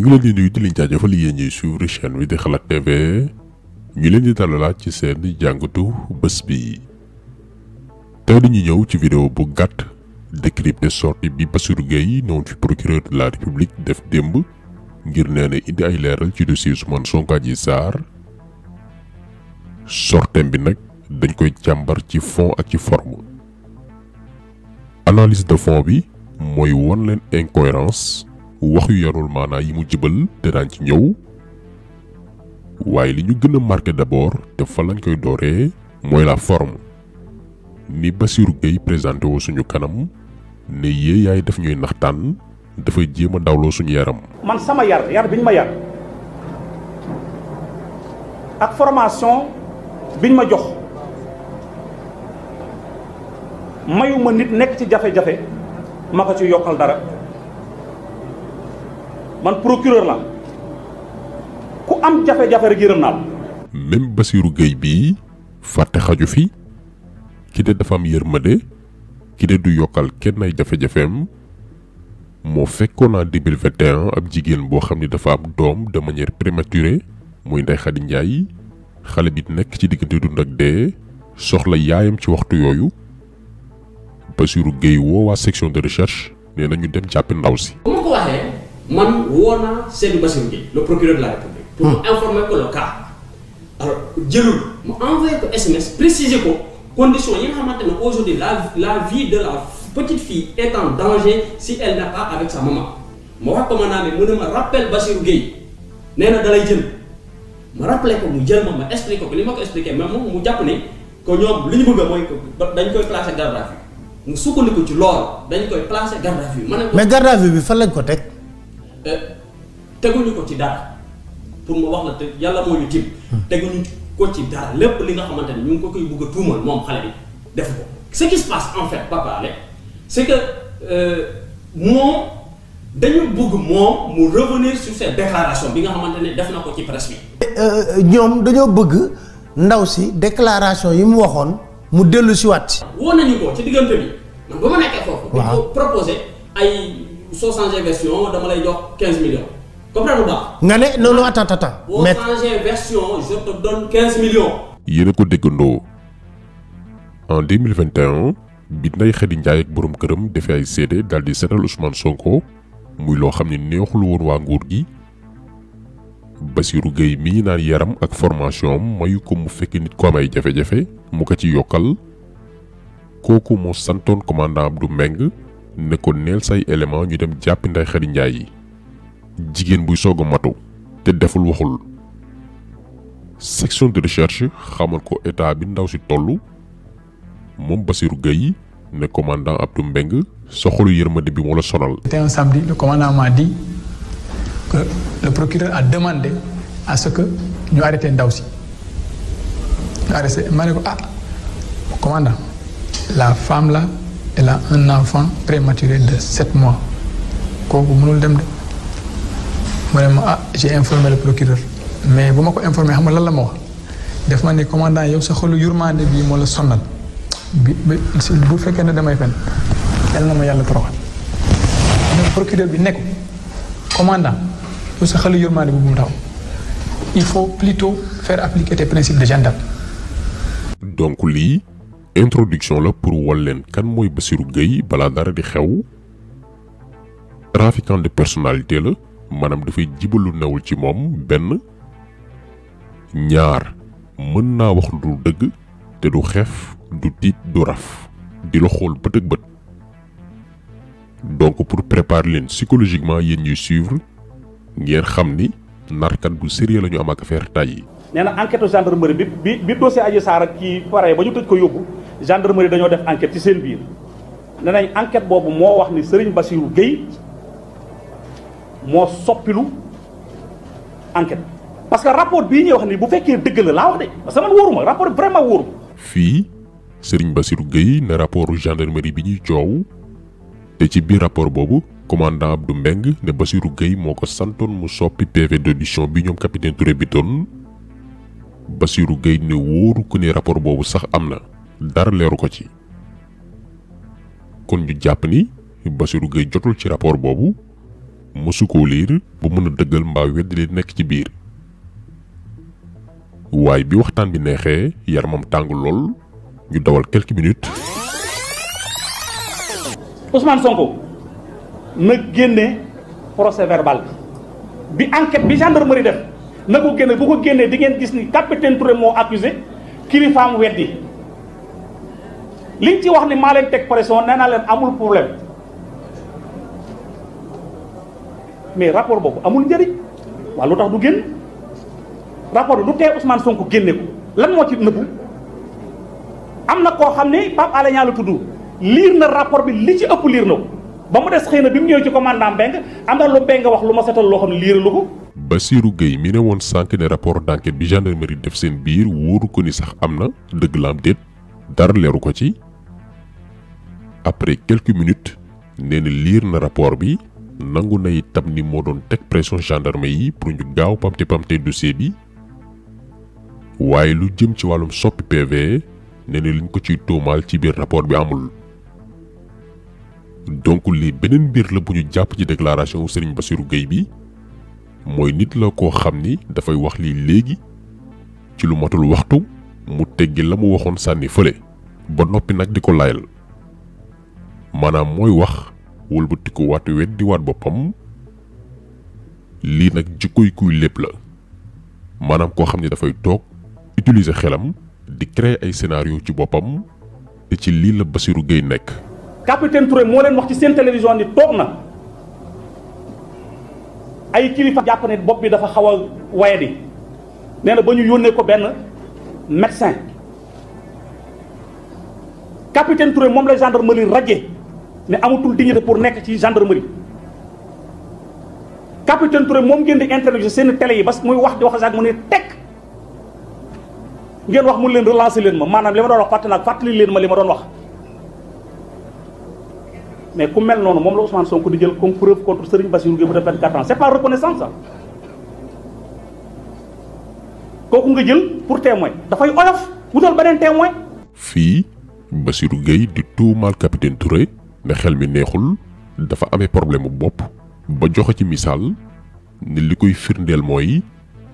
ñu ngi leen di nuyu di leen jaajëfal yéen ñuy suivre chaîne bi di xalaat TV ñu leen ci seen bu gàtt décrypter bi Bassirou Gueye noonu fi procureur de la république def démb ngir nee na indi ay leeral ci dossier Ousmane Sonko Adji Sarr sortem bi nag dañ koy càmbar ci fond ak ci forme analyse de fon bi mooy won leen incohérence wax yu yarul maanaa yi mu jëbal te daan ci ñëw waaye li ñu gën a marqué d'abord te fa lañ koy dooree mooy la forme ni Bassirou Gueye présenté woo suñu kanam ne yee yaay daf ñuy naxtaan dafay jéem a dawloo suñu yaram. man sama yar yar biñ ma yar ak formation biñ ma jox mayuma nit nekk ci jafe-jafe ma ko ci yokkal dara. man procureur la ku am jafe-jafe rek yërëm naa même Bassirou Gueye bii fàtte xaju fi ki de dafa am yërmande ki de du yokkal kenn ay jafe-jafeem moo fekkoon en 2021 ab jigéen boo xam ni dafa am doom de manière prématurée muy Ndeye Khady Ndiaye xale bi nekk ci diggante dund ak dee soxla yaayam ci waxtu yooyu Bassirou Gueye woo waa section de recherche nee nañu dem jàppi ndaw si. bu ma ko waxee. man woo naa Seydou Bassirou Guèye le procureur de la République. pour mu hmm. informer ko le jëlul mu envoyé ko SMS préciser ko condition yi nga xamante ne aujourd'hui la la vie de la petite fille est en danger si elle n'est pas avec sa maman. ma wax ko ma naa ne mu ne ma rappel Bassirou Guèye nee na dalay jël ma rappelé ko mu jël ma ma expliqué ko li ma ko expliqué ma moom mu jàpp ne que ñoom li ñu bëgg mooy dañ koy placé garde à vue mu sukkandiku ci loolu dañ koy placé garde à vue. mais garde bi fan lañ ko teg. Euh, teguñu ko ci dara pour ma wax la te yàlla moo ñu tiim hmm. teguñu ko ci dara lépp li nga xamante ne ñu ngi ko koy bugg a tuumal moom xale bi def ko ce qui se passe en fait Papa Alé c'est que euh, moom dañu bugg moom mu revenir sur cette bi nga xamante ne def na ko ci presse bi euh, ñoom dañoo bëgg ndaw si déclaration yi mu waxoon mu dellu si waat woo nañu ko ci diggante bi man ba ma nekkee foofu. waaw proposé ay. soo changé version ko déggandoo en bi Ndeye Khady Ndiaye ak borom këram defe ay seede daal di seetal Ousmane Sonko muy loo xam ne neexul woon waa nguur gi. Bassirou Gueye mii naan yaram ak formation am mayu ko mu fekk nit ko am jafe-jafe mu ko ci yokkal kooku moo santoon commandant Abdou Mbengue ne ko neel say élément ñu dem jàppi Ndeye Khady yi jigéen buy soog a matu te deful waxul section de recherche xamal ko état bi ndaw si toll moom Bassirou Gueye ne commandant Abdou Mbengue soxalu yërmande bi moo la sonal. c'était un samedi le commandant m'a dit que le procureur a demandé à ce que ñu arrêté ndaw si ñu ko ah commandant la femme là. la a un enfant prématuré de sept mois kooku mënul dem de mu ne ma ah j'ai informé la procureur mais bu ma ko informé xam nga lan la ma wax def ma ni commandant yow sa xolu yurmaande bii moo la sonnal bi bu fekkee ne damay fen yal na ma yàlla toroxal procureur bi nekk commandant yow sa xolu yurmaande bi bu mu taw il faut plutôt faire appliquer tes principes de gendarme introduction la pour wol leen kan mooy Bassirou Gueye balaa dara di xew trafiquant de personnalité la maanaam dafay jibalu newul ci moom benn ñaar mën naa wax du dëgg te du xef du tiit du raf di la xool bët ak bët donc pour préparer leen psychologiquement yéen ñuy suivre ngeen xam ni narkat bu sérieux la ñu am ak affaire tay yi nee na enquête bi bi bi dossier Adji pare ba ñu tëj ko yóbbu gendarmerie dañoo def enquête ci seen biir ne nañ boobu moo wax ni sëriñ Bassirou Gueye moo soppilu enquête parce que rapport bii ñuy wax ni bu fekkee dëgg la laa wax de parce que man wóoruma rapport vraiment wóoruma. fii Serigne Bassirou Gueye ne rapportu gendarmerie bi ñuy coow te ci biir rapport boobu commandant Abdou Mbeng ne Bassirou Gueye moo ko santoon mu soppi PV d'audition bi ñoom capitaine Touré bi doon Bassirou Gueye ne wóoru ko rapport boobu sax am na. dara leeru ko ci kon ñu jàpp ni Bassirou Gueye jotul ci rapport boobu mësu koo liir bu mën a dëggal mbaa weddi li nekk ci biir waaye bi waxtaan bi neexee yaramam tàng lool ñu dawal quelques minutes. Ousmane Sonko na génne procès verbal bi enquête bi gendarmerie def na ko génne bu ko génnee di ngeen gis ni capitaine Touré moo accusé kilifaam weddi. liñ ci wax ni maa leen teg pression nee naa leen amul problème mais rapport boobu amul njëriñ waa lu tax du génn rapport bi lu tee Ousmane Sonko génne ko lan moo ci nëbbu am na koo xam ne Pape Alé Niang la tudd liir na rapport bi li ci ëpp liir na ko ba mu des xëy na bi mu ñëwee ci commandant Mbengue am na lu Mbengue wax lu ma setal loo xam ne liiralu ko. Bassirou Gueye mi ne woon sànq ne rapport d'enquête bi gendarmerie def seen biir wóoru ko ni sax am na dëgg la am déet ko ci après quelques minutes nee liir na rapport bi nangu na itam ni moo doon teg pression gendarme yi pour ñu gaaw pamte pamte dossier bi waaye lu jëm ci wàllum soppi PV nee na liñ ko ciy tuumaal ci biir rapport bi amul. donc lii beneen biir la bu ñu jàpp ci déclaration Serigne Bassirou géey bi mooy nit la ko xam ni dafay wax lii léegi ci lu matul waxtu mu teggi la mu waxoon sànni fële ba noppi nag di ko layal. maanaam mooy wax wëlbatiku waat weddi waat boppam lii nag jikkoy kuy lépp la maanaam koo xam ne dafay toog utilise xelam di créer ay scénario ci boppam te ci lii la Bassirou Gueye nekk. capitaine Touré moo leen wax ci seen télévision ni toog na ay kilifa jàpp bopp bi dafa xaw a waye di nee na ba ñu yónnee ko benn médecin capitaine Touré moom la gendarmerie radié ne amatul dignité pour nekk ci genre gendarmerie capitaine Touré moom ngeen di interroger seen tele yi parce que muy wax di wax sax mu ne tekk ngeen wax mu leen relancer leen ma maanaam li ma doon wax fàttali naa fàttali leen ma li ma doon wax mais ku mel noonu moom la Ousmane Sonko di jël comme preuve contre Serigne Bassirou Gueye bu def 24 ans c'est pas reconnaissance ça kooku nga jël pour témoin dafay oyof wutal beneen témoin fii Bassirou Gueye di tuumaal capitaine ne xel mi neexul dafa amee problème bu bopp ba joxe ci misaal ne li koy firndeel mooy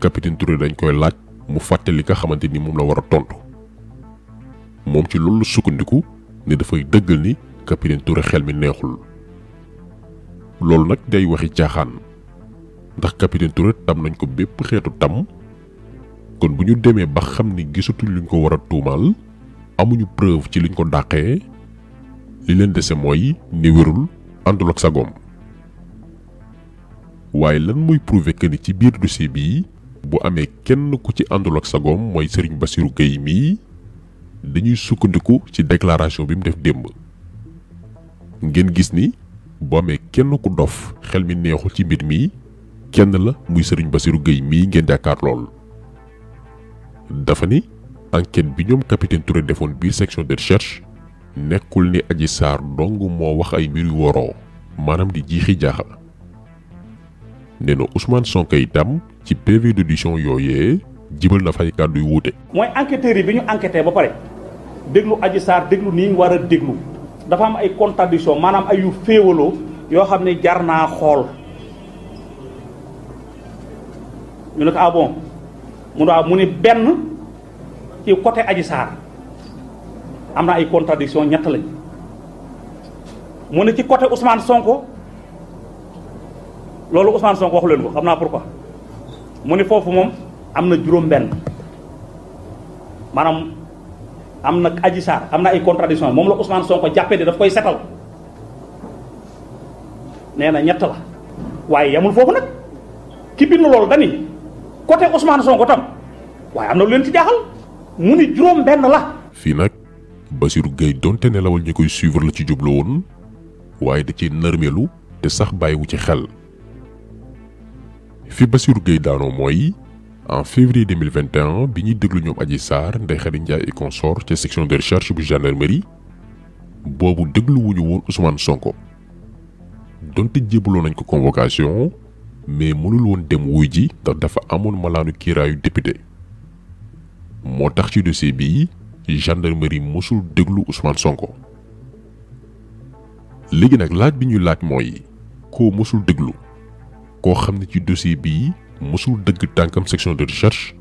capitaine Touré dañ koy laaj mu fàtte li nga xamante ni moom la war a tontu moom ci loolu sukkandiku ne dafay dëggal ni capitaine Touré xel mi neexul loolu nag day waxi caaxaan ndax capitaine Touré tam nañ ko bépp xeetu tam kon bu ñu demee ba xam ni gisatuñ luñ ko war a tuumaal amuñu preuve ci liñ ko dàqee. li leen dese mooy ni wérul àndul ak waaye lan mooy prouver que ci biir dossier bii bu amee kenn ku ci àndul ak sagoom mooy sëriñ Bassirou Gueye mii dañuy sukkandiku ci déclaration bi mu def démb ngeen gis ni bu amee kenn ku dof xel mi neexul ci mbir mi kenn la muy sëriñ Bassirou Gueye mii ngeen jàkkaar lool dafa ni enquête bi ñoom capitaine Touré defoon biir section de recherche nekkul ni Adji Sarr dong moo wax ay mbir yu di jiixi jaaxa nee na Ousmane Sonko ci PV d'audition yooyee jibal na fay kàddu wuute. mooy enquêteurs yi bi ñu enquêté ba pare déglu aji Sarr déglu nii war a déglu dafa am ay contradiction maanaam ayu yu féewaloo yoo xam ne jar naa xool ñu ne ko ah mu ne ah, mu ni benn ci côté Adji Sarr. am na ay contradiction ñett lañ mu ne ci côté Ousmane Sonko loolu Ousmane Sonko waxu leen ko xam naa pourquoi mu ne foofu moom am na juróom-benn maanaam am na aji Sarr am na ay contradiction moom la usman Sonko jàppee di daf koy setal nee na ñett la waaye yamul foofu nag ki bind loolu dani côté Ousmane Sonko tam waaye am na lu leen ci jaaxal mu ni juróom benn la fii Bassirou Gueye donte ne lawal ñi koy suivre la ci jublu woon waaye da ci nërmeelu te sax bàyyiwu ci xel fi Bassirou Gueye daanoo mooy en février 2021 bi ñuy déglu ñoom Adji saar Ndeye Khady Ndiaye et consort ca section de recherche boobu dégluwuñu woon Ousmane Sonko donte jébaloo nañ ko convocation mais mënul woon dem wuy ji ndax dafa amoon malaanu kiiraayu député moo tax ci dossier bii gendarmerie mosul déglu Ousmane Sonko léegi nag laaj bi ñu laaj mooy koo mësul déglu koo xam ne ci dossier bii mosul dëgg tànkam section de recherche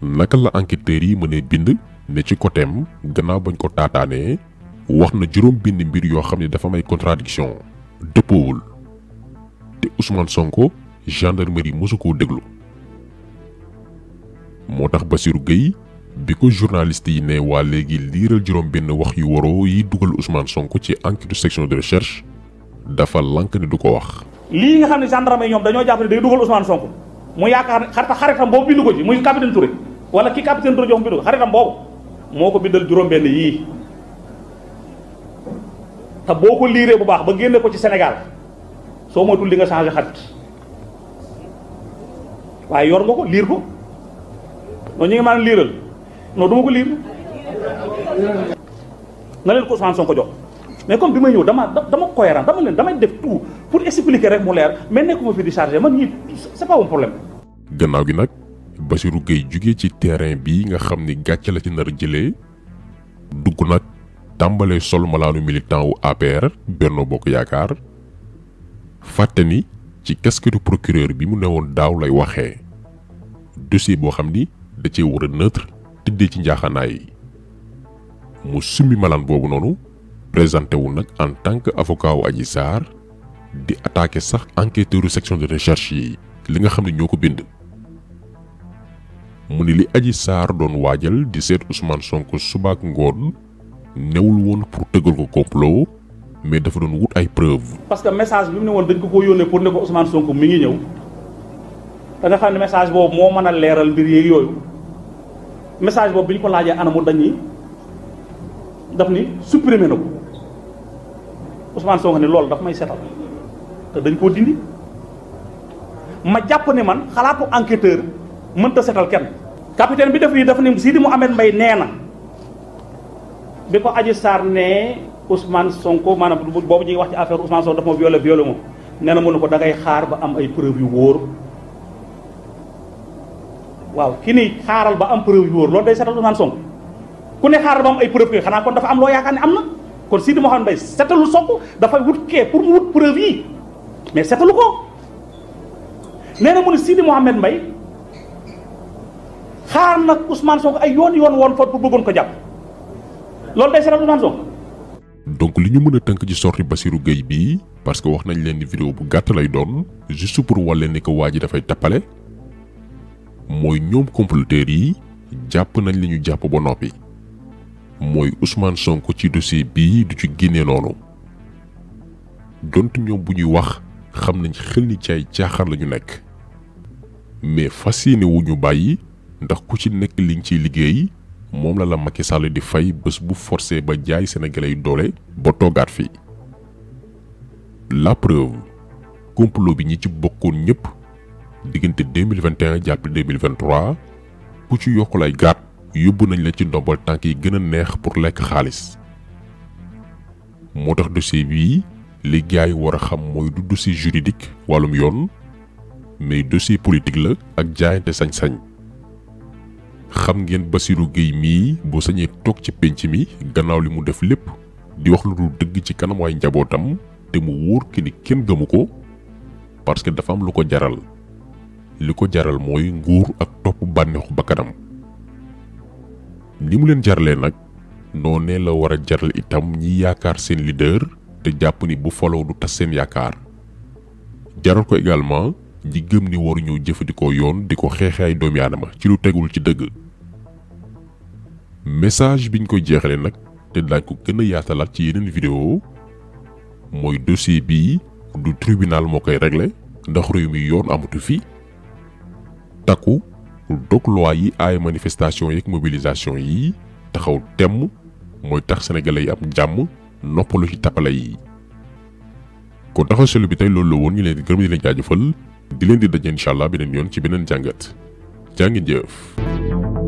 naka la enquêteurs yi mënee bind ne ci côtéem gannaaw bañ ko taataanee wax na juróom bind mbir yoo xam ne dafa may contradiction dëppoowul te Ousmane Sonko gendarmerie mosu koo déglu moo tax Bassirou Gueye bi ko journaliste yi ne waa léegi liiral juróom benn wax yu waroo yi dugal Ousmane sonk ci enquête section de recherche dafa lank ne du ko wax. lii nga xam ne gendarme yi ñoom dañoo jàpp ne day dugal Ousmane Sonko mu yaakaar xarta xaritam boobu bindu ko ci muy capitaine Touré wala ki capitaine Touré jox bindu ko xaritam boobu moo ko bindal juróom benn yii te boo ko liiree bu baax ba génne ko ci Sénégal soo moytul li nga changé xarit waaye yor nga ko liir ko noonu non duma ko liir na leen ko Ousmane Sonko jox mais comme ñëw dama dama cohérent dama leen damay def tout pour expliquer rek mu leer mais nekkuma fi di chargé man ñii c'est pas problème. gannaaw gi nag Bassirou Gueye jugee ci terrain bi nga xam ni gàcce la ci nar jële dugg nag tàmbalee sol malaanu militant wu APR Benno Bokk Yaakaar fàtte ni ci casquette procureur bi mu newoon daaw lay waxee dossier boo xam ni da cee war tëddee ci njaaxanaay yi mu summi malaan boobu noonu présenté wu nag en tant que avocat wu Adji di attaqué sax enquêteuru section de recherche yi li nga xam ne ñoo ko bind. mu ni li Adji Sarr doon waajal di seet Ousmane Sonko subaak ngoon newul woon pour tëggal ko complot mais dafa doon wut ay preuve parce que message bi mu ne woon dañ ko ko yónnee pour ne ko Ousmane Sonko mi ngi ñëw da xam ne message boobu moo mën a leeral mbir yeeg yooyu. message boobu bi ñu ko laajee anamu dañ ni daf ni supprimer na ko Ousmane Sonko ne loolu daf may setal te dañ koo dindi ma jàpp ne man xalaatu enquêteur mënta setal kenn. capitaine bi def nii daf ni Sidi Mouhamed Mbaye nee na bi ko Adji Sarr ne Ousmane Sonko maanaam boobu ñuy wax ci affaire Ousmane Sonko daf ma violé violé moom nee na mu ne ko dangay xaar ba am ay preuve yu wóor. waaw ki xaaral ba am preuve yu wóor loolu day setal Ousmane Sonko ku ne xaaral ba am ay preuve yooyu xanaa kon dafa am loo yaakaar ne am na kon Sidi Mouhamed Mbaye setalu Sonko dafay wut kee pour mu wut preuve yi mais setalu ko nee na mu ne Sidi Mouhamed Mbaye xaar nag Ousmane Sonko ay yoon yoon woon fa bëggoon ko jàpp loolu de setal Ousmane Sonko. donc li ñu mën a tënk ci sorti Bassirou Gueye bii parce que wax nañ leen ni vidéo bu gàtt lay doon juste pour wàlle ni ko waa ji dafay tappale mooy ñoom comploteurs yi jàpp nañ li ñu jàpp ba noppi mooy Ousmane Sonko ci dossier bii du ci génne noonu donte ñoom bu ñuy wax xam nañ xel ni ci ay lañu nekk mais fas yéene wu ñu bàyyi ndax ku ci nekk liñ ciy liggéey moom la la Macky Sall di fay bés bu forcé ba jaay sénégalais doole ba toogaat fii la preuve complot bi ñi ci bokkoon ñëpp diggante 2021 jàpp 2023 ku ci yokkul ay gaat yóbbu nañ la ci ndombal tànk yi gën a neex pour lekk xaalis moo tax dossier bii li gars war a xam mooy du dossier juridique wàllum yoon mais dossier politique la ak jaayante sañ-sañ xam ngeen Bassirou Guèye mii boo sañee toog ci pénc mi gannaaw li mu def lépp di wax lu dul dëgg ci kanam waay njabootam te mu wóor ki kenn gëmu ko parce que dafa am lu ko jaral li ko jaral mooy nguur ak topp bànneexu bakkanam ni mu leen jaralee nag noonee la war a jaral itam ñi yaakaar seen leader te jàpp ni bu foloo du tas seen yaakaar jaral ko également ñi gëm ni ñëw jëfandikoo yoon di ko xeexee ay doomi aadama ci lu tegul ci dëgg message biñ koy jeexalee nag te daañ ko gën a yaatalaat ci yeneen vidéo mooy dossier bii du tribunal moo koy réglé ndax réew mi yoon amatu fi takku dog loi yi ay manifestation yeeg mobilisation yi taxaw temm mooy tax sénégalais yi am jàmm noppalu ci tappale yi. kon taxaw selu bi tey loolu woon ñu leen di gërëm di leen jaajëfal di leen di daje incha allah beneen yoon ci beneen jàngat jàngin jëf.